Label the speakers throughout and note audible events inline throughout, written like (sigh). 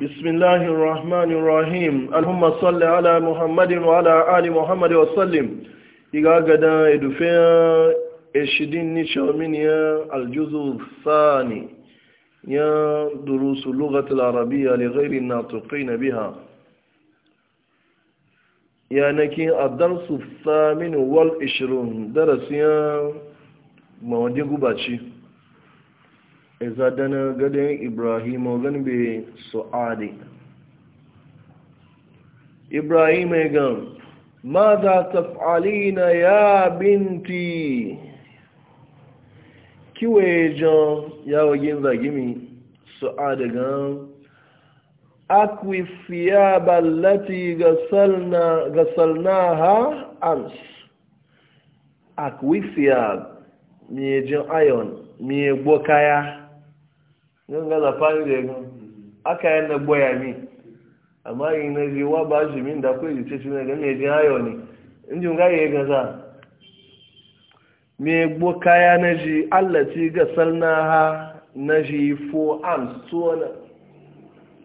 Speaker 1: بسم الله الرحمن الرحيم اللهم صل على محمد وعلى آل محمد وسلم إذا قد يدفع إشدين نشامين يا الجزء الثاني يا دروس اللغة العربية لغير الناطقين بها يا نكي الدرس الثامن والعشرون درس يا مواجه باتشي izadana gadon ibrahim gan be su'adi ibrahim gan ma za taf'alina ya binti kiwe jan yawo gin zagimi adi. gan akwi fiyaba lati gasalnaha ans akwi fiyab jan ayon miye gbokaya ganga za fani da yagan aka yan na boya mi amma yi na ji wa ba shi min da kai ji ce shi ne ga me ji in ji ga yagan za me gbo kaya na ji Allah ci na ha na ji fo arms tuwo na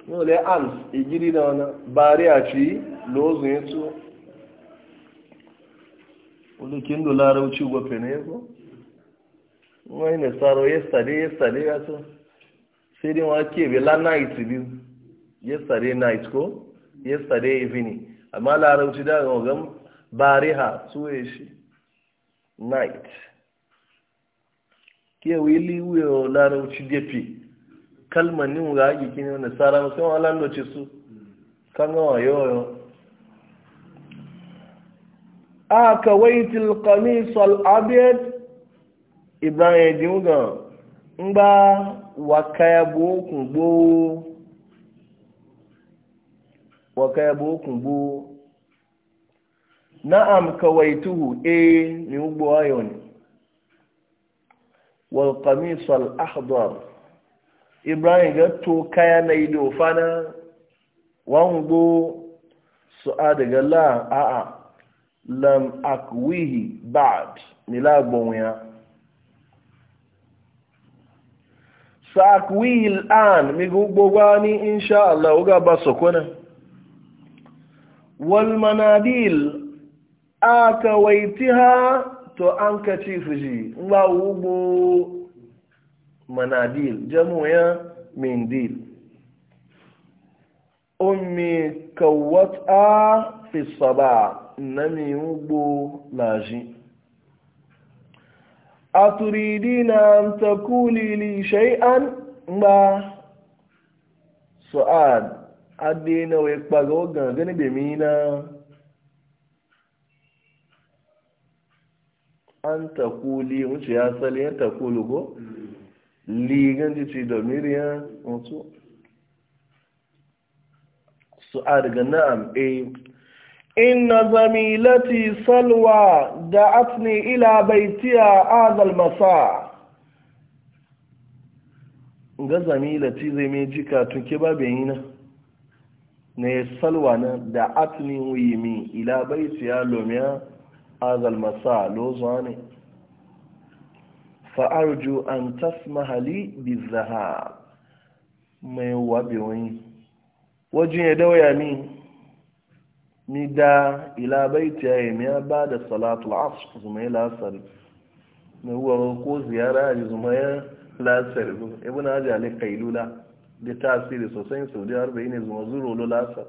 Speaker 1: no le arms igiri na wana bari a ci lozu yin e to wani kin dolara uci gwa fene ko wani ne saro yesterday yesterday ya so sai dai wa kebe la night biyu yesterday night ko yesterday evening amma larauci da ga wagan ha suwe shi night ke wili wuyo larauci gefe kalmar ni ga ake kini wanda tsara musu yawan lalace su kan gawa yawa a kawaitil kamis al'abiyar ibrahim ga n wakaya bokun gboo wakaya bokun gboo na'am kawaituhu e ni ugbo ayo wal qamis al ahdar ibrahim ga to kaya na ido fana wan go su a daga la lam akwihi ba'd ni la gbonwa sakwil an migu gbogwani insha Allah uga ba sokona wal manadil aka waitiha to an ka ci fiji ngba ugbo manadil jamu ya mindil ummi kawwata fi saba nami ugbo laji aturidina takuli li shay'an ma su'ad adina we pago gani be mi na an takuli wuce ya sali ya takulu go li ji ci da miriya su'ad ga na'am eh Inna إن salwa da atni ila بيتها هذا المساء ga zamilati zai mai jika tunke babu na. na ya salwa na da atini wuyimi ila baitiya ya lomiya azal masa lozuwa ne fa'arju an tasmaha li bizahab mai wabe wani wajen ya dawaya min mi da ila baiti ya yi ya ba da salatu al'asr zuma ya lasari na huwa ko ziyara ya zuma ya lasari ibn hajji ali kailula da tasiri sosai saudi yi ne zuma zuro lo lasar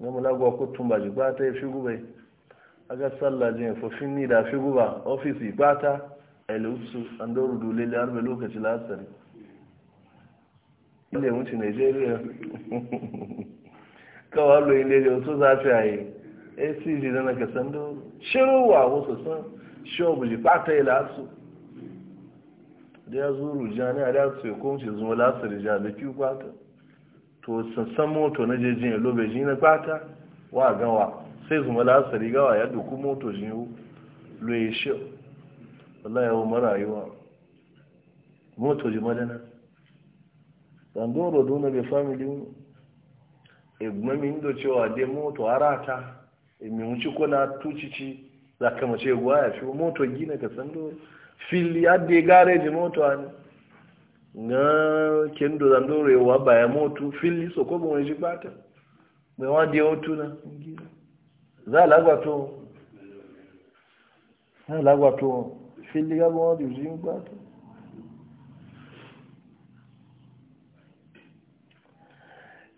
Speaker 1: na mulagwa kutun ba jigba ta ya fi gubai aga sallah jin fofin ni da fi guba ofis ofisi bata elusu an doru dole da harbe lokaci lasari ile wuce nigeria (laughs) kawo lo ile eh, da wasu za ta yi acg da na kasan da shiruwa wasu sun shobu ji fata yi lasu da ya zuru jani a lasu ya kumce zuwa lasu da jani da kiwu fata to sassan moto na jejin ya lobe ji na fata wa gawa sai zuwa lasu rigawa ya doku moto ji lo ya shi wallah ya umar rayuwa moto ji madana dandoro duna bai family egmamin da cewa dai moto arata eminci kuna tucici za ka mace gwaya fi moto gina ka san do fili adde gareji moto an na kendo zan do rewa baya moto fili so ko bon bata mai wa de otu na za lagwa to za lagwa to fili ga mo di bata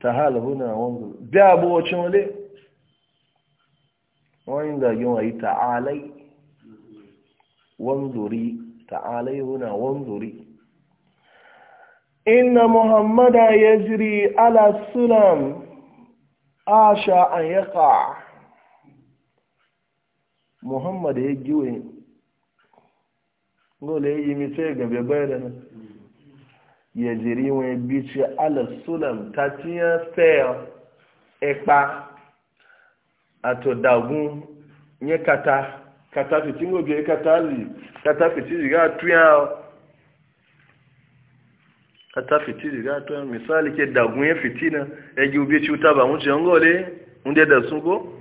Speaker 1: tahal huna wanzu bi abocin wale wani zagin yi ta'alai wanzuri ta'alai huna wanzuri inna muhammada ya jiri ala sulam asha an yaka muhammada ya giwe ngole yi mi sai gabe bayan ya jiri wọn bi ci ala sulam ta tiya fair ẹpa atodagun nye kata kata fiti ngo bi kata li kata fiti yi diga tuya kata fiti yi diga tuya misali kye dagun ye fitina ya gi ubi ci uta ba mu ci ngole unde da sungo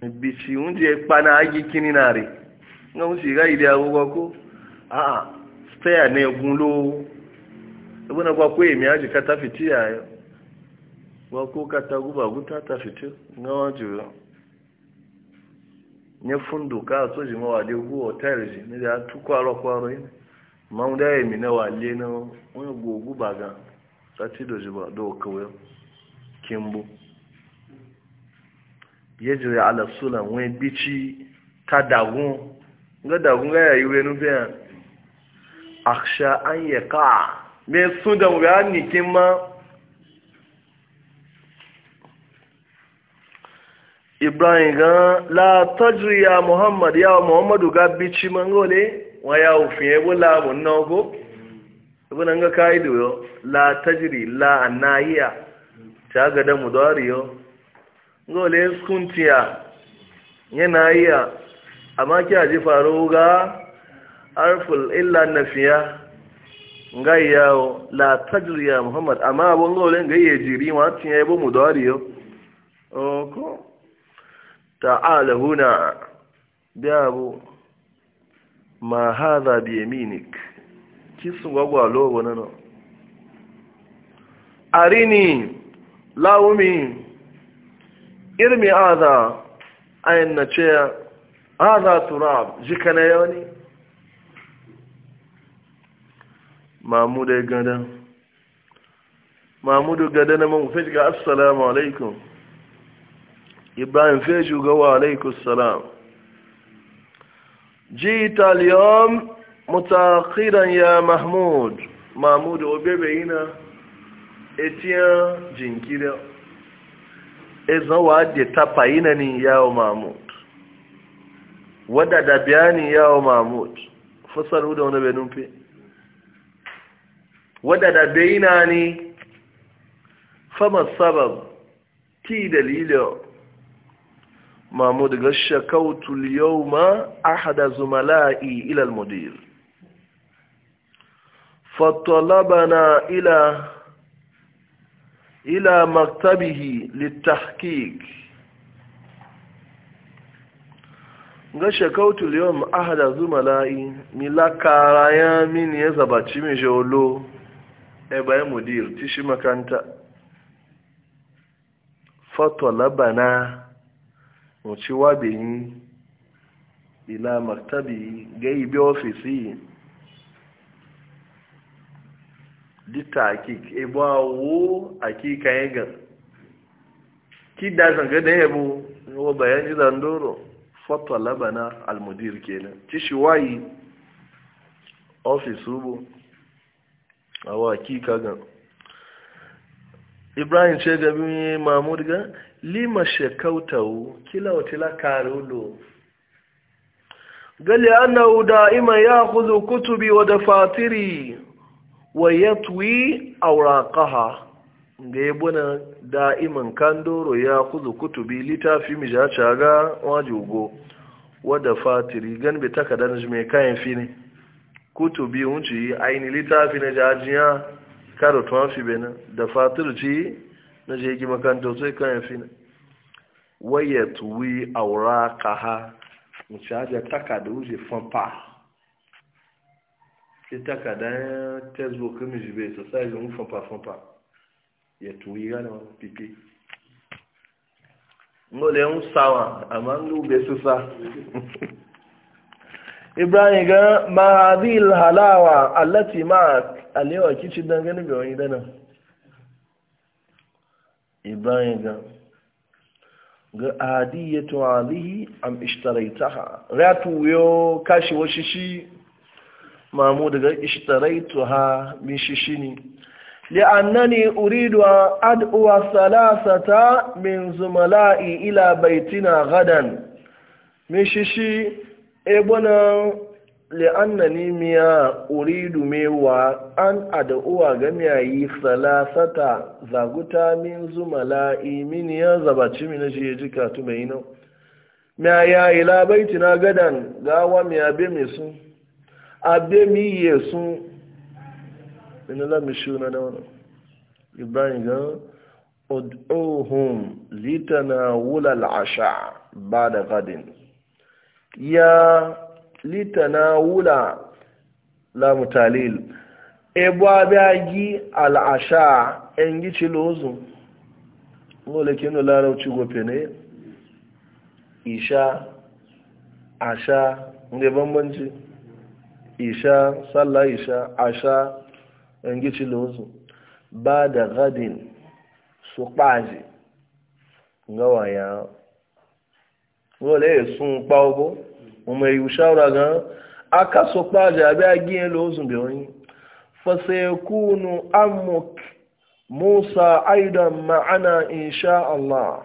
Speaker 1: bi ci unde pa na agi kini nare ngo mu ci ga ide agogo ko Aa. a ta ya na egun lowo ibina ba emi aji ka fiti ya ba ko ka guba guta ta fiti na wajen nye fundu ka so ji ma wale gu hotel ji ni tu kwaro kwaro yin ma mu da na wale na wani gogu ba ga sati do ji ba do kawai kimbu yejiri ala sulan wani bici ta dagun aksha an yi ka me su da ganikin ma ibrahim gan la tọ́jú ya muhammad ya wa muhammadu ga bici le? wa ya òfin ebo la bu nogo ibu nan ga idu yo la tajiri la anahiya ta gada da dori yo ngole skuntiya yana iya amma ki faru ga harful illa na fiya ga yawo la ya muhammad amma abun gaulen ga iya jiri ma cin ya yabo mu da wariyo oko ta'ala huna da abu ma hadha bi yaminik kisu gwagwa lobo nano arini laumi irmi aza ayin na ce hadha turab jikana yawani mahmud ya gada gada na mamu fejiga assalamu alaikum ibrahim fejuga wa alaikun salam ji italiyon mutakiran ya mahmud mahmud ya obere ina etiyan jinkiri ezan wa adi tapa ina ni yawo mahmud wadada biya ni yawo mahmud fasar hudu wani benin fi wadda da bayina ne ma sabab ki dalilin mahmud ga shakautul yau ma ahada zumala'i ilal mudir fatalabana ila ila maktabihi littahkik ga shakautul yau ma ahada zumala'i milaka raya min ya zabaci min shaolo e bayan mudir tishi makanta fatolabana wuce wabin ila martabi gaibe ofisi dita akik ebo awo akika yaga kida zanga da yabo wa bayani zandoro fatolabana almudir kenan tishi wayi ofis rubu a ki kaga ibrahim ce gabi bin mahmud ga lima shekautau kila watila karulo gali annahu da'ima ya kutubi wa dafatiri wa yatwi awraqaha ga yabuna da'iman kandoro ya huzu kutubi litafi mijacha ga wajugo wa dafatiri gan bi takadan mai kayan fini kutubi wunci yi aini littafi na jajiya karo tuwan fi benin da fatir ci na je gi makanta sai kan ya fi na waye tuwi aura kaha wuce ajiya takada wuce fanfa ke takada ya tesbo kami jibe su sai mu fanfa fanfa ya tuwi gane wani pipi ngole ń sáwọn àmà ń lú bẹ sísá ibrahim ga mahadil halawa allati ma'ak alewa kici dan gani bai wani dana ibrahim ga ga adiyatu alihi am ishtaraitaha ratu yo kashi washishi mamu daga ishtaraituha min shishini لأنني uridu ad'u wa salasata min zumala'i ila baitina gadan min shishi ebona li'annani miya uridu mewa an ad'uwa ga miyayi salasata zaguta min zumala imini ya zabaci min shi ya ji katu mai nan miya ya ila baiti na gadan gawa miya be mai sun abe mi yi sun ina la mi shuna da wannan ibrahim ga ud'uhum litanawula al'asha ba da gadin ya litanawula lamu talil ebo abagi al'asha en gici lozu ngole kinu larauci gofe ne isha asha nge bambanci isha sallah isha asha en gici lozu ba da gadin su kpaji ngawa ya wole sun kpawo mo mai yushawra ga aka so paje abi agiye lo zumbe oni fasayakunu amuk musa aidan ma'ana insha Allah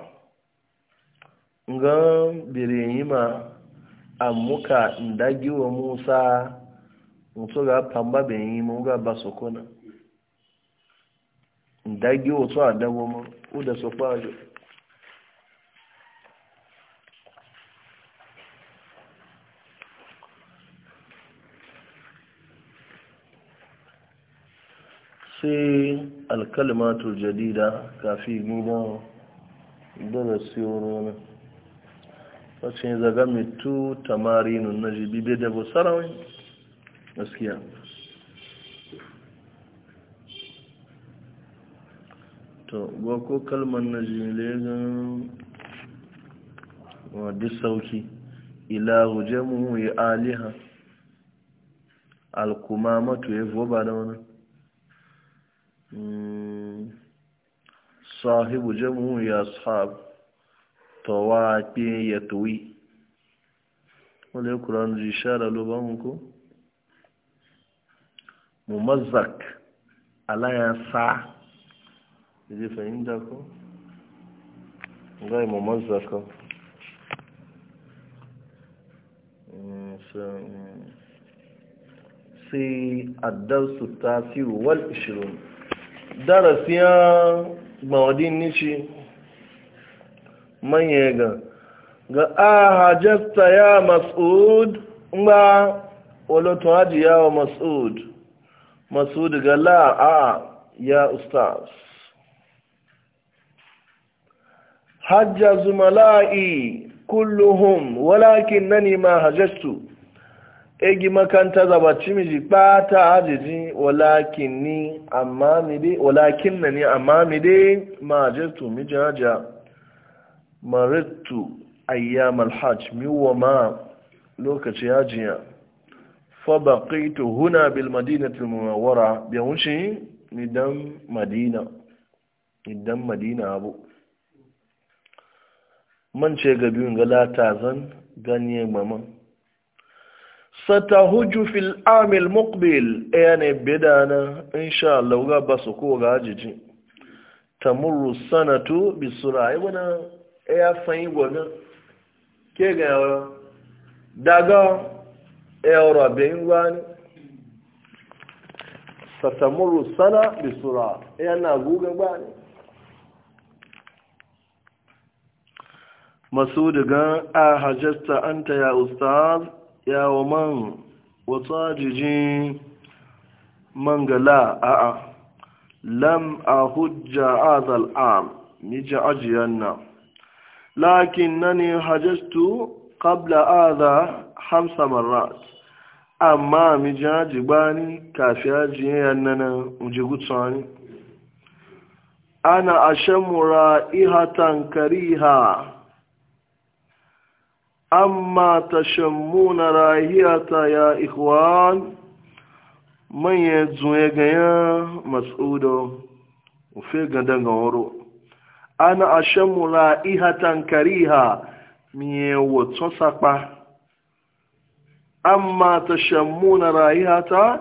Speaker 1: ga bireyima amuka ndagiwa musa mutu ga pamba bireyima ga basokona ndagiwa to adawo mu uda so paje sai alkalimatul jadida kafi gudan dole siyoro ne wacce ya zaga mitu nun na jibi bai da busarawai gaskiya to ko kalmar na jilegan wadda sauki ilahu jamu ya aliha alkumamatu ya ba da wani صاحب جمع يا أصحاب طواقي يطوي وليه قرآن الإشارة لبامكو ممزق على يسع إذا فهمتكم غير ممزق في الدرس التاسع والعشرون darasiyan ni nishi manye ga ga ahajasta ya mas'ud ba olotun hajiya wa mas'ud mas'ud ga la'a ya ustaz hajja zumala'i kulluhum walakin nani ma hajjastu egi makanta zaba cimiji bata ajiji walakin ni amma mi dai walakin na ni amma mi dai ma jirtu mi jaja maritu ayyam alhajj mi wa ma lokaci hajiya fa baqitu huna bil madinati munawwara bi ni dan madina ni madina abu man ce ga biyun ga latazan ganye maman satahuju fil amil muqbil yani bidana insha Allah ga basu ko ga ajiji tamurru sanatu bisura ibana ya fanyi gona ke ga daga euro bin sata satamurru sana bisura yana guga gwani. masu daga a hajjasta anta ya ustaz wa man wata jijin mangala a'a lam a hujja azal am mija ajiyar na lakin na ne hajjastu kabla aza hamsa marat amma mija ni kafi ajiyar nana ujigutsani ana ashe mura ihatan kariha amma tashammuna rahiyata ya ikhwan manye zuwe ganya mas'udo ufe ganda ga woro ana ashammu ihatan kariha miye wotso sapa amma tashammuna rahiyata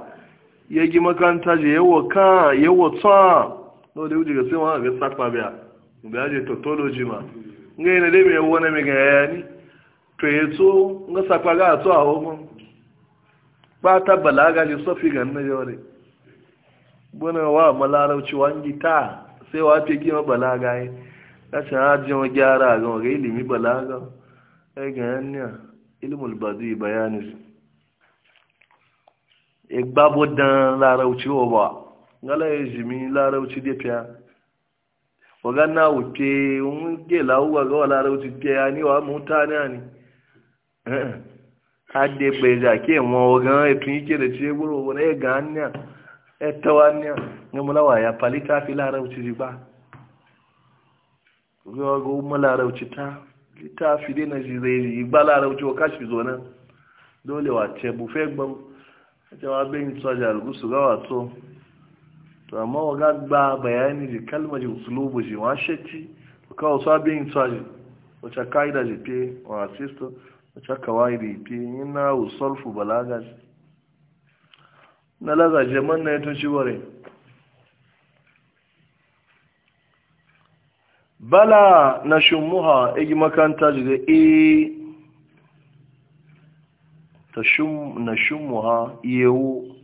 Speaker 1: yagi makanta je yawo ka yawo ta no da wuce ga sai wa ga sapa biya biya je tautology ma ngai na dai me wona me ga yani to ya so nga sakwa ga to a homo ba ta balaga ji sofi ga na yore buna wa malarauci wangi ta sai wa fi gima balaga yi ta ce ha ah, jima ga ilimi balaga ai ga yanya ilimul badu bayanis igbabo e, dan larauci wa ba ngala ya jimi larauci da fiya waga na wuce wun ge lawuwa ga wa larauci fiya ni wa mutane ne hadde eh. bai za ke mawa gan etun yake da ce buru wani ya ga hanya ya tawa hanya ga mulawa ya fali ta fi larauci ji ba ga ga umma larauci ta ta fi dai na ji zai ji ba larauci wa kashi zo nan dole wa ce bufe gbam ta e wa bin soja su ga wato to amma wa ga gba bayani ji kalmar ji usulubu ji wa shakki kawai sabin soja wacce ka'ida ji fe wa assistant caka waye bi fi yana usolfu balagas na laza jaman na yato shiware bala na shumuha igi makanta jiga e ta shum na shumuha yewu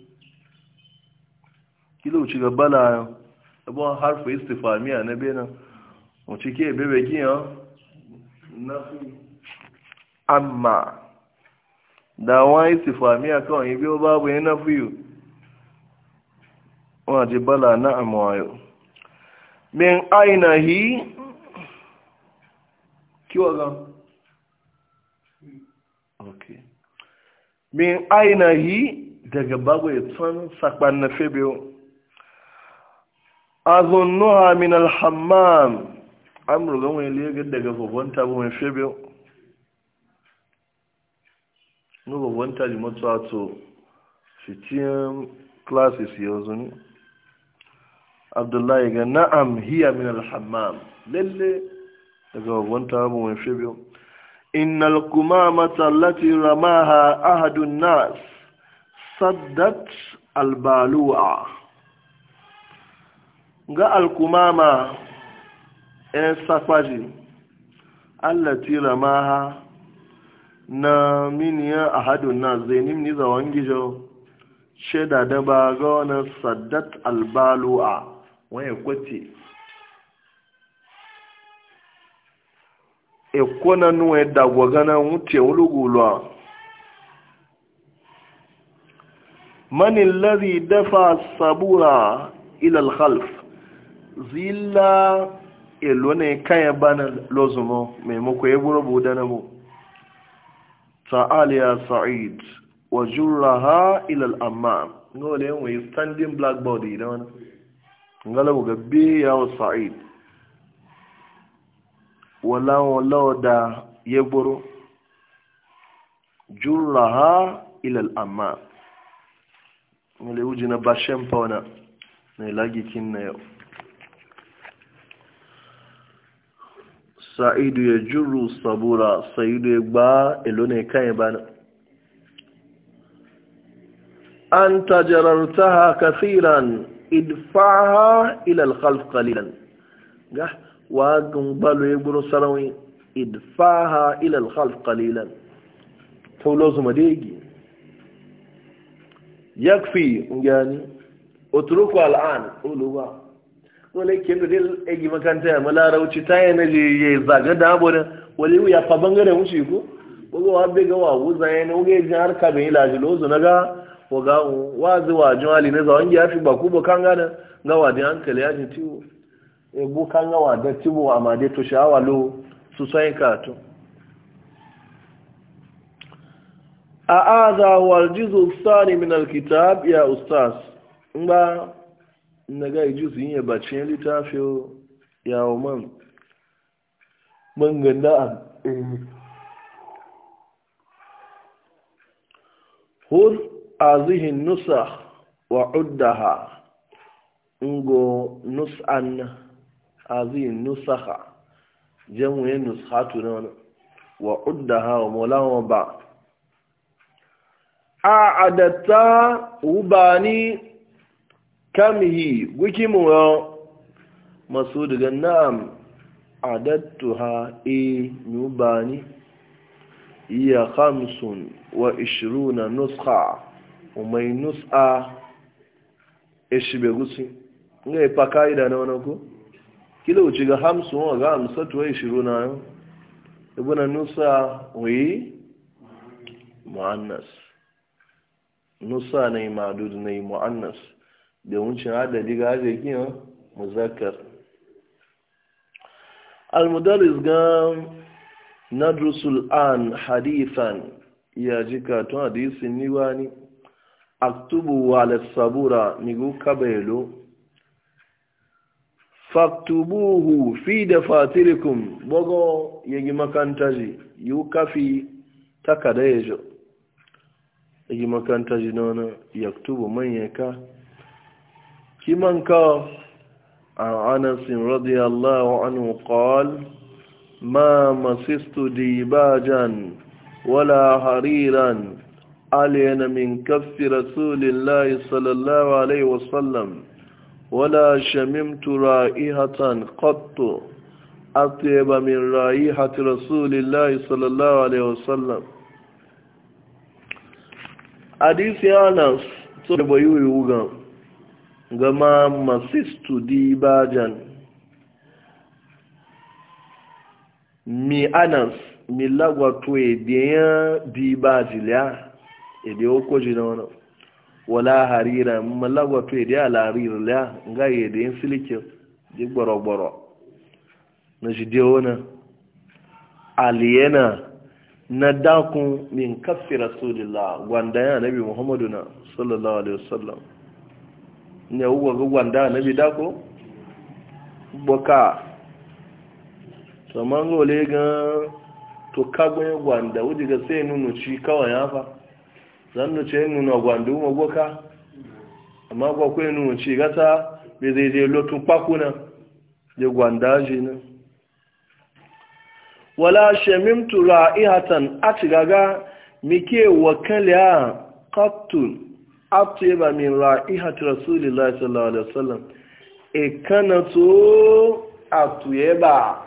Speaker 1: kilo ciga bala abuwa harfi istifamiya na benin mu ke bebe gina na fi amma da wani sifamiya kawai biyo babu yana fiyo waje bala na amawayo min ainihi kiwa gan ok min ainihi daga babu ya tsan sakpan na febiyo azunnuha min alhammam amurgan wani liya daga fobon tabo mai febiyo nuba wanta limatu ato fitiyan classes yanzu ne abdullahi ga na'am hiya min alhammam lalle daga wanta abu mai fi biyu innal kumamata lati ramaha ahadun nas saddat albalu'a ga alkumama 'yan sakwaji allati ramaha na miniya a hadun na zenim ni zawon gijo shaida da ba ga wani sadat albalu'a wani kwace ekona nuwe dagwagana wuce wulugulwa Manin lari dafa sabura ilal khalf zilla elone kaya bana lozumo maimako ya buru budana mu ta'al ya sa'id wa jurraha ilal amma, ammam ngole yin standing blackboard idan wani ngalabu gabbe ya wa sa'id wala da ya buru jurraha ilal amma, ammam wujina ujina fauna, pona ne na yau sa'idu ya juru sabura sa'idu ya gba kai ba bana an ta ha kafiran idfaha ila khalf kalilan ga wa gumbalo ya guru sarawi idfaha ila alkhalf da tawlo zumadegi yakfi ngani utruku al'an ba. so le kendo del egi makanta ya malarauci ta taya na zaga da bona wali ya fa bangare uchi ku. bogo wa be ga wa uza ya no ge jar ka be ila jilo zo ga waga wazi wa jwali ne za wangi afi ba kubo kanga na ngawa da hankali ya ciwo e bu kanga wa da tibo amade to sha'awa lo su sai ka to a aza wal juzu thani min al ya ustaz ngba na ga iji su yi bacin littafi yawo man man ganda eh. hur azihin nusa wa uddaha ngo nus'an azihin nusaha jamuyin nushatu na wani wa uddaha wa maulawa ba a adatta wubani kamihi wiki muwa masu daga na'am adattu ha e nubani iya hamsun wa ishiruna nuska umai nuska ishibe e gusi nga ipa e ka'ida na wani ku kila wuce ga hamsun wa ga hamsatu wa ishiruna yau e ibuna nusa wuyi mu'annas nusa na yi ma'adud na yi mu'annas da cin adadi ga giyan muzakkar almudaris ga nadrusul an hadisan ya ji katon hadisin ni aktubu wa sabura migu kabelo faktubuhu fi da fatirikum bogo yagi makanta ji yi kafi takada ya ji yagi makanta ji na yaktubu manyan ka. كما كان عن أنس رضي الله عنه قال ما مسست ديباجا ولا حريرا علينا من كف رسول الله صلى الله عليه وسلم ولا شممت رائحة قط أطيب من رائحة رسول الله صلى الله عليه وسلم حديث أنس عليه وسلم gama masistu dibajan mi anas mi lagwato ebiyan dibajiliya ebe oko ji na wani wala harira ma lagwato ebe alaririya ga ebe yin silikin di gbọrọgbọrọ na jide wani aliyana na dakun min kafin rasulillah gwanda nabi muhammadu na sallallahu alaihi wasallam ne uwa gwanda na bida ko boka to mango le gan to kagbe gwanda wudi ga sai nunu ci kawai ya fa zan nu nuna nunu gwanda mu boka amma kwa kwe nunu ci gata be zai je lotun pakuna je gwanda ji na wala shamimtu ra'ihatan atigaga mike a qattun atuba min ra'ihati rasulillahi sallallahu alaihi wasallam kana to atuyeba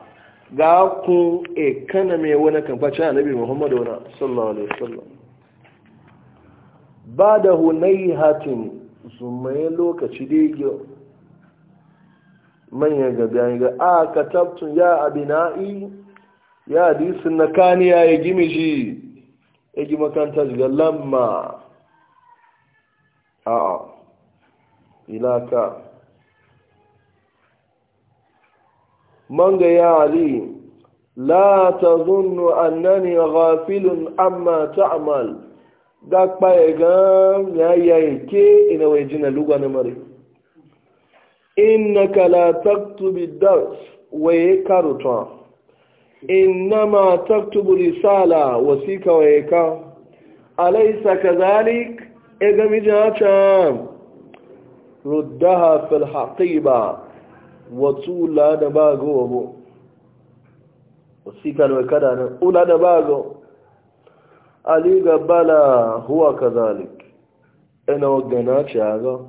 Speaker 1: ga ku kana me wani kan kwace annabi muhammadu wa sallallahu alaihi wasallam bada hunayhatin zumaye lokaci dege manya ga bayan ga a katabtun ya abina'i ya hadisin na kaniya ya gimi shi ya gima kanta ga lamma a'a ilaka ga ya ali la zunnu annani ghafilun amma ta'mal da kpaye gan ya yake e ina wai e jina lugo na mare innaka la taktubi dars waye karuta innama taktubu risala wasika waye ka alaysa kadhalik إذا مجاتا ردها في الحقيبة وطول لانا باغو وسيطان وكدانا أولا نباغو أليغا بلا هو كذلك أنا وقناتي هذا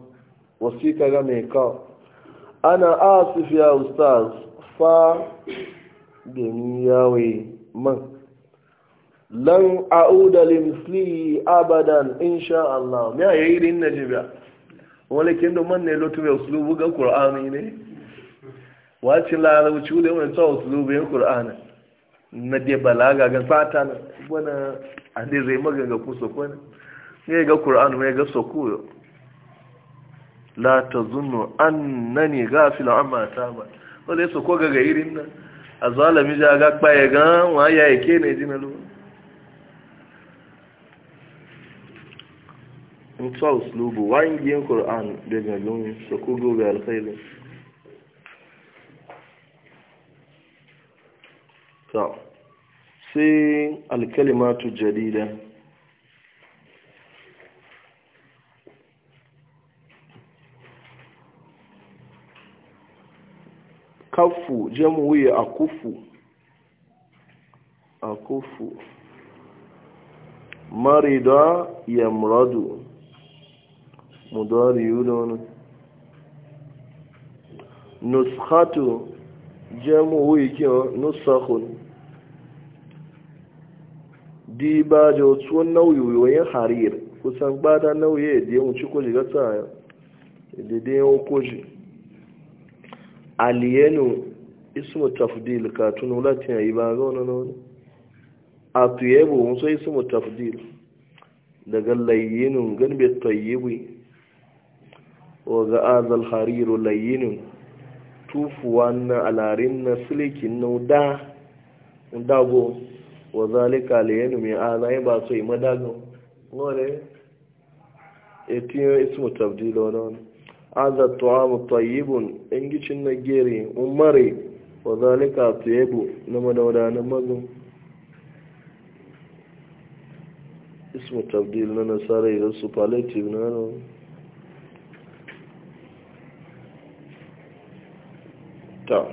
Speaker 1: وسيكا غميكا أنا آسف يا أستاذ فا دنياوي منك lan a'uda limsli abadan insha Allah me ayi din najiba wala kendo man ne lotu be uslubu ga qur'ani ne wace la la wuce da wannan tsawon uslubu ga qur'ani na de balaga ga fata na wana ande zai maganga ku kuso kwana ne ga qur'ani mai ga soku la tazunnu annani ghafil amma tama wala soko ga ga irin nan azalami ja ga kpaye ga wa ya yake ne jinalu nta uslubu wayin yin qur'an daga lumi su ku gobe alkhairu ta sai alkalimatu jadida kafu jamuwi akufu akufu marida yamradu mudari yudonu nuskhatu jamu wiki nusakhun di ba da wasu nauyoyin harir kusan ba da nauye da yawon ciko shiga tsaya da da yawon koji aliyenu ismu tafdil katun latin yi ba ga wani nauyi a tuyebu wasu ismu tafdil daga layinun ganbe tayyibi ga azal hariru layinin tufuwa na alarin na silikin na da dago wa zalika layinu mai azayi ba su yi madago nore etiyo ismu tabdilo wani. Azal tu'amu tayyibun ingicin na gere umare wa zalika tuyebu na madawada na mazo ismu tabdil na nasarai da superlative na nan ta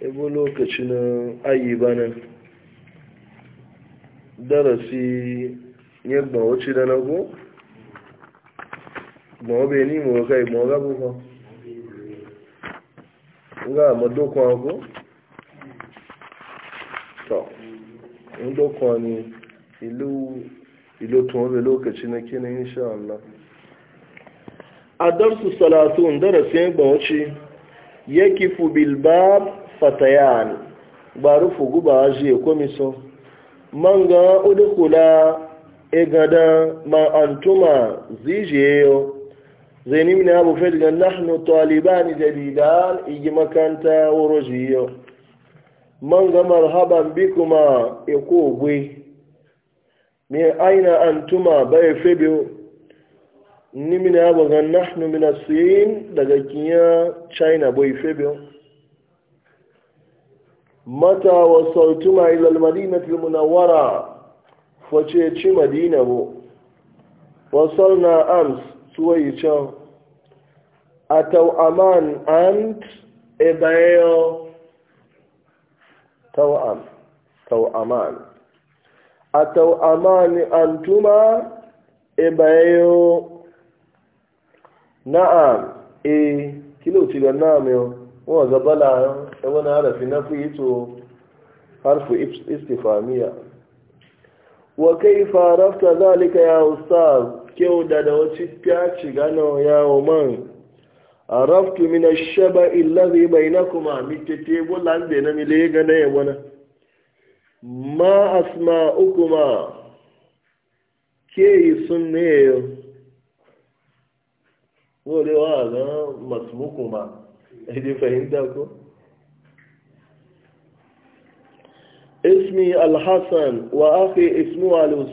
Speaker 1: ebe lokaci na ayi bana darasi ya gbawaci da na go gbawabe ni mu kai gbawaga bukwa nga madokwa ko to ndokwa ni ilu ilo tuwabe lokaci na kina insha Allah a darsu salatun darasin gbawaci yakifu bil bab fatayan ba rufu guba je komiso manga udkhula egada ma antuma zijeyo zaini mini abu fadga nahnu taliban jadidan igmakanta man manga marhaban bikuma ekogwe mai aina antuma bai febio ni mina ya gan nahnu mina suyin daga kiya china boy febio mata wa sautuma ila almadinati almunawwara face ci madina bo wasalna ams suwayi can ataw aman ant ebayo tawam aman ataw aman antuma ebayo na'am eh kilo ci ga na'am yau wa ga bala ya e wani harafi na fi to harfu istifamiya wa kaifa rafta zalika ya ustaz kyau da da wace ta ci gano yawo man araftu min ash-shaba'i bainakuma mitete bolan be na mi le ga na ma asma'ukuma ke yi sunne wole wa ga masmuku ma idi fahimta ko اسمي الحسن واخي اسمه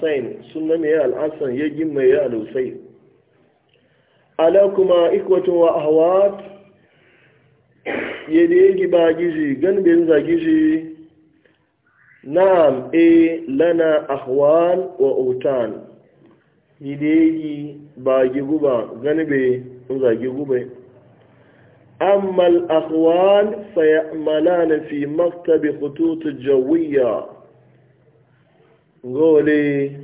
Speaker 1: alakuma ikwatun wa ahwat yadda yake ba gizi za gizi na'am e lana ahwal wa utan yadda yake ba giguba zage gube amma al'akwal na fi maktabi hututu jawiya gole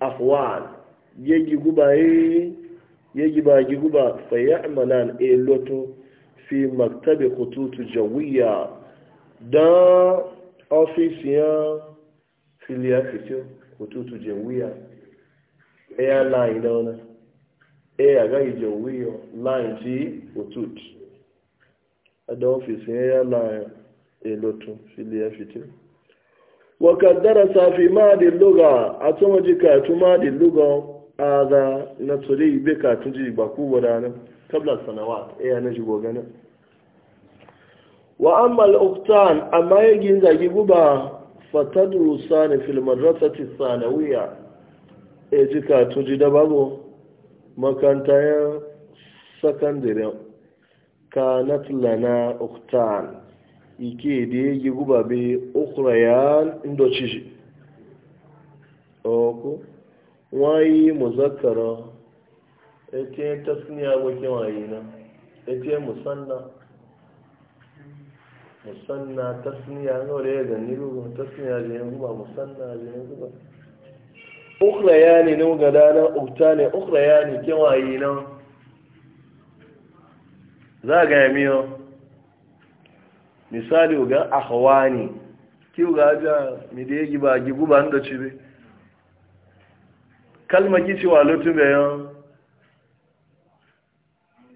Speaker 1: akwal yegi guba yi yegi ba gi guba sayamalana a e loto fi maktabi hututu jawiya don ofisiyan filiya fito hututu jawiya e ya da wani e agaghị ji onwe ya line ji otu otu ada ofis nye ya na elotu fili efite wakadara safi maadi luga atụmaji ka atụ maadi luga ada na tori ibe ka atụ ji gbakwu wara anụ kabla sanawa e ya na jigbo gani wa amma al-uqtan amma yajin zagi guba fa tadrusani fil madrasati thanawiyya e jika tuji da babo makaranta ya sakandare kanat na uktan ike da ya yi guba be ukrayan indoci shi oku wayi muzakkara ete tasniya wake wayi na ete musanna musanna tasniya no da ya gani guba tasniya da ya guba musanna da ya guba ukhra yani ne gada na ukta ne ukra ya ne kewaye nan za ga miyo misali uga akhwani ki uga ja mi de gi ba gi guba da ci be kalma ki ci wa lotu be yo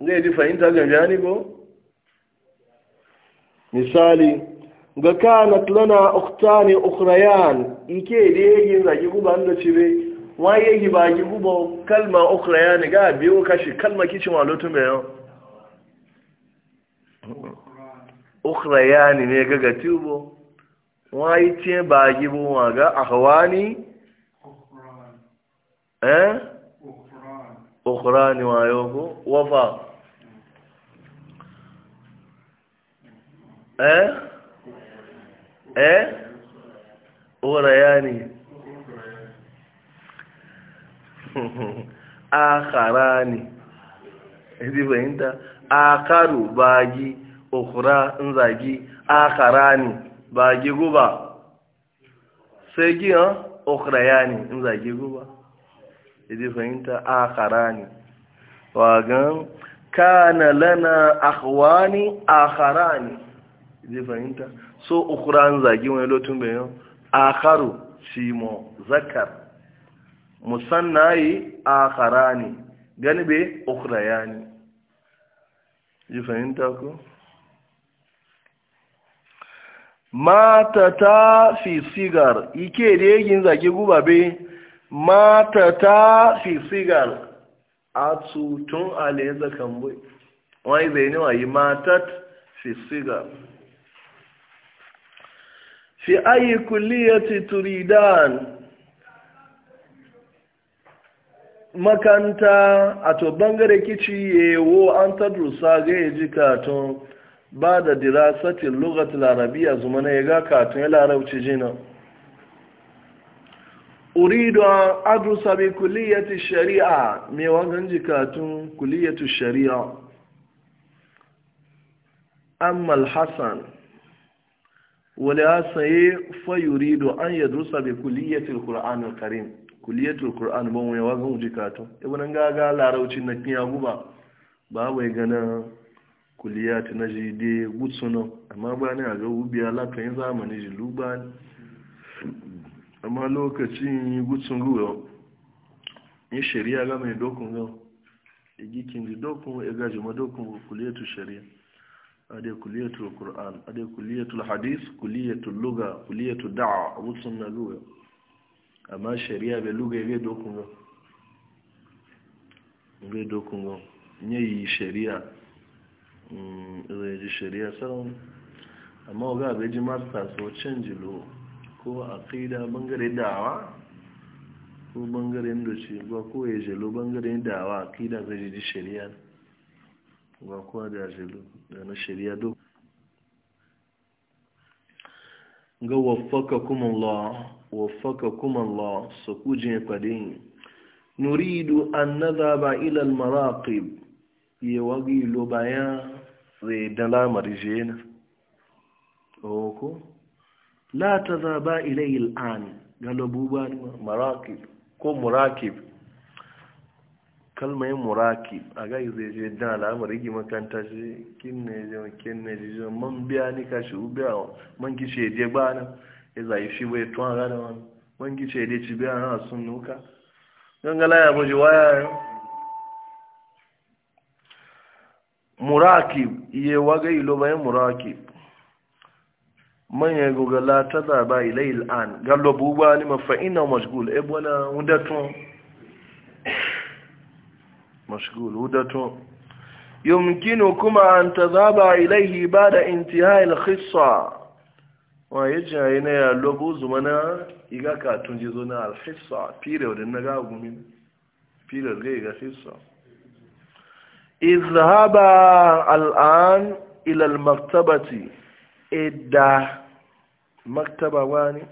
Speaker 1: ne di fahimta ga yani go misali ga kanat lana uktani ukrayan ike da yake zagi guba da cire waye yi ba gi guba kalma ukrayan ga biyo kashi kalma kici malotu mai yau ukrayan ne ga ga waye ce ba gi bu wa ga akhwani eh ukrani wayo ko wafa eh eh oraya ne (laughs) akara ne izi fahimta akaru bagi okura in zagi akara ne bagi guba sai gi han okura ne in zagi guba izi fahimta akara ne wagan kana lana akhwani akharani zai fahimta so ukuran zagi wani lotun bayan akaru shi mo zakar musanna yi akara ne gani be ya ne ji fahimta ku mata ta fi sigar ike da yagin zagi guba bai mata ta fi sigar a tutun alayyar zakambai wani zai ne wa yi matat fi sigar fi ayi kulliyati turidan makanta a to bangare kici yewo an tadrusa ga yaji katon ba da dirasatin lugat larabiya zuma na yaga katon ya larabci jina uridu an adrusa bi kulliyati shari'a me wangan jikatun kulliyatu shari'a amma al ya saye fayuri do an yadrusa bi kulliyatil qur'an al karim kuliyatul qur'an ban waya wa gan jikatu ibn ga ga larauci na kiya guba ba wai gana kulliyat na jide gutsuno amma ba ne a ga gubiya zamani kan zamani jiluba amma lokacin gutsun ruwa in shari'a ga mai dokun ga igikin dokun e ga jima dokun kulliyatul shari'a ade kuliyatul qur'an ade kuliyatul hadis kuliyatul luga kuliyatul da'a abu na luga amma shari'a bai luga ya gaido kungo gaido kungo ne shari'a zai ji shari'a sarau amma ga bai ji masters ko canji lo ko aqida bangare da'awa ko bangaren doce ko ko ya lo bangare da'awa aqida zai ji shari'a ba kuwa da ajilu da na shirya duk ga wafaka kuma Allah wafaka kuma Allah su kuje fadin nuridu an nazaba ila al-maraqib wagi lo bayan zai dala marijena oko la tazaba ilayhi al-an galo buban maraqib ko muraqib kalmayin muraki a gai zai je dan al'amari gi makanta shi kin ne je kin ne je man biya ni ka shi ubiya man ki she je ba na ya zai shi bai tun ga da wani man ki she je ci biya na sun nuka dan gala ya mu ji waya muraki ye wa ilo lo bayan muraki man ya go gala ta da ba ilai an gallo ba ni ma fa inna mashgul e bona mudatun mashgul hudato yumkinu kuma an tazaba ilaihi ba da intihai alhissa wa ya ji haini ya lobo zuma na iga katun ji zo na alhissa period na gagumin period ga iga hissa izhaba al'an ilal maktabati idda maktaba wani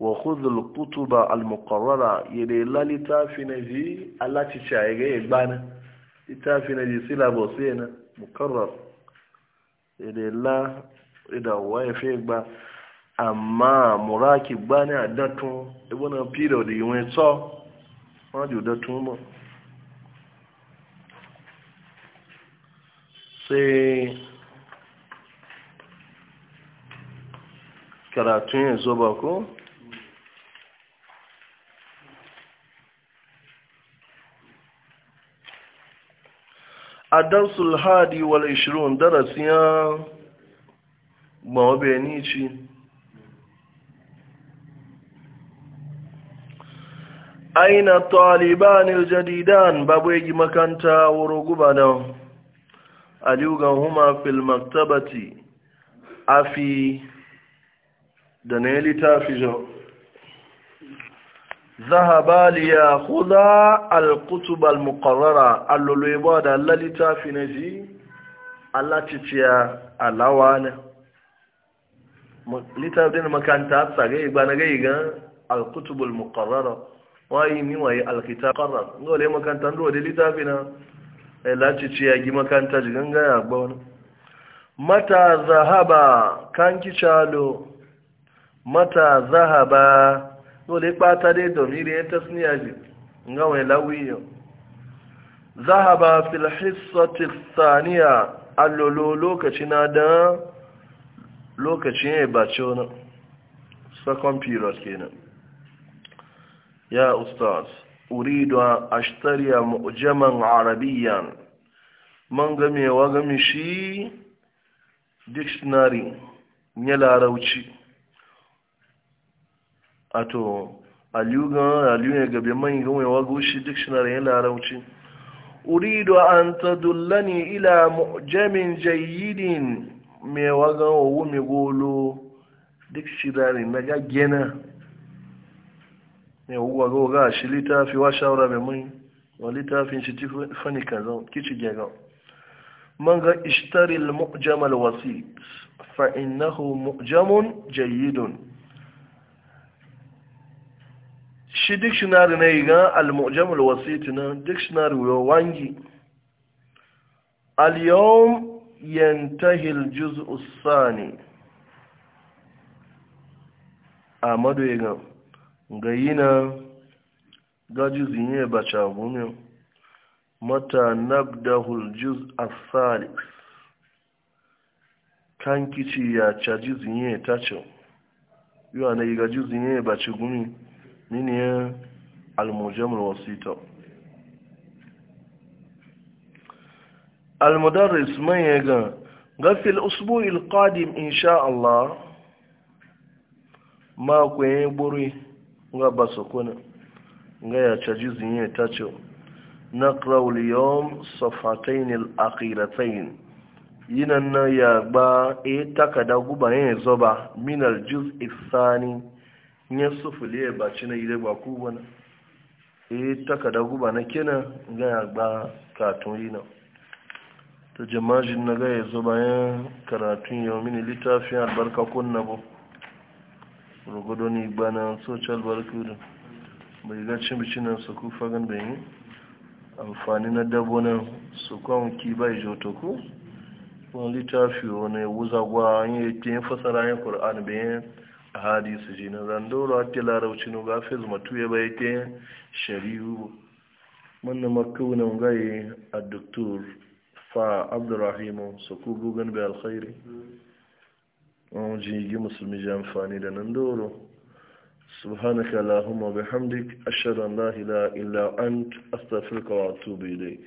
Speaker 1: wa khudhul kutuba al muqarrara yele la litafi na ji Allah ci caye ga yagbana litafi na ji syllabus yana muqarrar yele la ida waye fe gba amma muraki gbani adatun ibona period yiwe so won ju datun mo sai karatun yanzu ba ko a darsul hadi wal ishirun darasiya mawabeni ci aina talibanil jadidan babu yagi makanta wuro guba da aliugan huma fil maktabati afi da na yi littafi zahaba liya huda alkutub almukarrara allolobo da lalita finaji alaciciya alawa ne littafin makanta tsage igba na gai gan alkutub almukarrara wayi ni waye alkita karrar ngole makanta ndo da littafi na alaciciya gi makanta jigan gaya gba wani mata zahaba kan kicalo mata zahaba dole ɓata dai domiri ya tasniya ji ga wai lawiyo zahaba fil hissati thaniya allolo lokaci na da lokacin ya bace wani second period kenan ya ustaz uridu ashtariya mu'jaman arabiyan man gamewa gami shi dictionary ya larauci ato aliyugan aliyugan gabe man gawai wago shi dictionary yana larauci uridu an ta tadullani ila jamin jayidin mai waga owu mai golo dictionary na ga ne me wuwa ga ga shi littafi wa shawara mai mai wa litafin shi fani kazan kici gega man ga ishtari al mu'jam al wasit fa innahu mu'jamun jayyidun shi dictionary na yi ga al-mu'jamul wasiti na dictionary yo wangi al-yawm yantahi al-juz'u as-sani amadu yi ga ga yi na ga juz'in ya mata nabdahu al-juz' as-salis kan kici ya cha juz'in ya tacho yo ana yi ga juz'in ya bacha gumin nínú yẹn alìmọ̀jẹ́mù wọ́n sí tọ́. alìmọ̀dára ìsúnmọ́ yẹn gan gafil ọsùgbò ilkadim inṣá allah máa kò yẹn gbórí ngá bá sọ̀kọ́ ni ngá yà chàjú zìyìn tàjọ na kraliyom sofatain al-akhiratain na ya ba e takada guba yin zoba min al-juz' ithani nye sufuliye ba ci na ire ba ku bana e takada guba na kina ga ya gba katun yi na ta jama'ajin na ga ya zo bayan karatun yau mini littafin albarka kunna bu rugudu ni bana social barkudu bai ga cin bicin su ku fagan da yi amfani na dabo na su kwan ki bai joto ku wani littafi wani wuzagwa yin fasara yin kur'an bayan hadisi jinin na zandoro ake larauci no ga fez matuye ba yake shari'u manna makuna ngai a doktor fa abdurrahimu su ku gugan alkhairi an jigi musulmi ji amfani da nan doro subhanaka allahumma bihamdik ashhadu an la ilaha illa ant astaghfiruka wa atubu